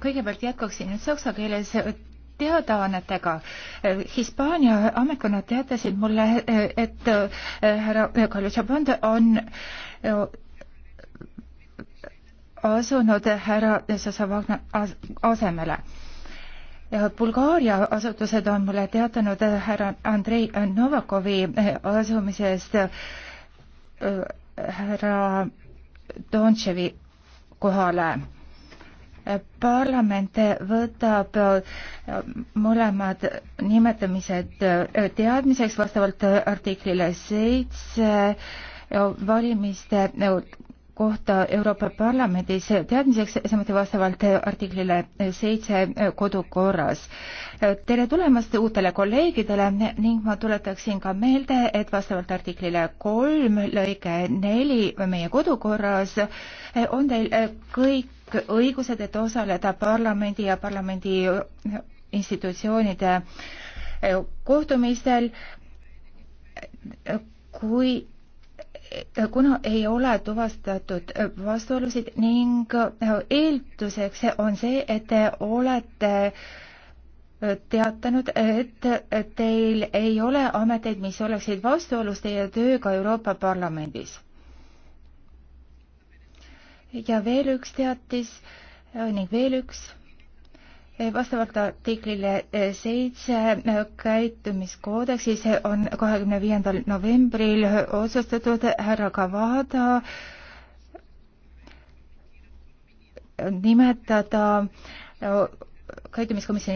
kõigepealt jätkaksin nüüd saksa keeles teadaannetega. Hispaania ametkonnad teatasid mulle, et eh, härra Kaljušaband on eh, asunud härra Sassavagna asemele. Bulgaaria asutused on mulle teatanud eh, härra Andrei Novakovi asumisest härra Dontševi kohale parlament võtab äh, mõlemad nimetamised äh, teadmiseks vastavalt artiklile seitse äh, valimiste kohta Euroopa Parlamendis teadmiseks, samuti vastavalt artiklile seitse kodukorras. tere tulemast uutele kolleegidele ning ma tuletaksin ka meelde, et vastavalt artiklile kolm lõige neli meie kodukorras on teil kõik õigused, et osaleda parlamendi ja parlamendi institutsioonide kohtumistel, kui kuna ei ole tuvastatud vastuolusid ning eelduseks on see, et te olete teatanud, et teil ei ole ameteid, mis oleksid vastuolus teie tööga Euroopa Parlamendis. ja veel üks teatis ning veel üks Eh, vastavalt artiklile eh, seitse eh, käitumiskoodeksis on kahekümne viiendal novembril otsustatud härra Kavada nimetada käitumiskomisjoni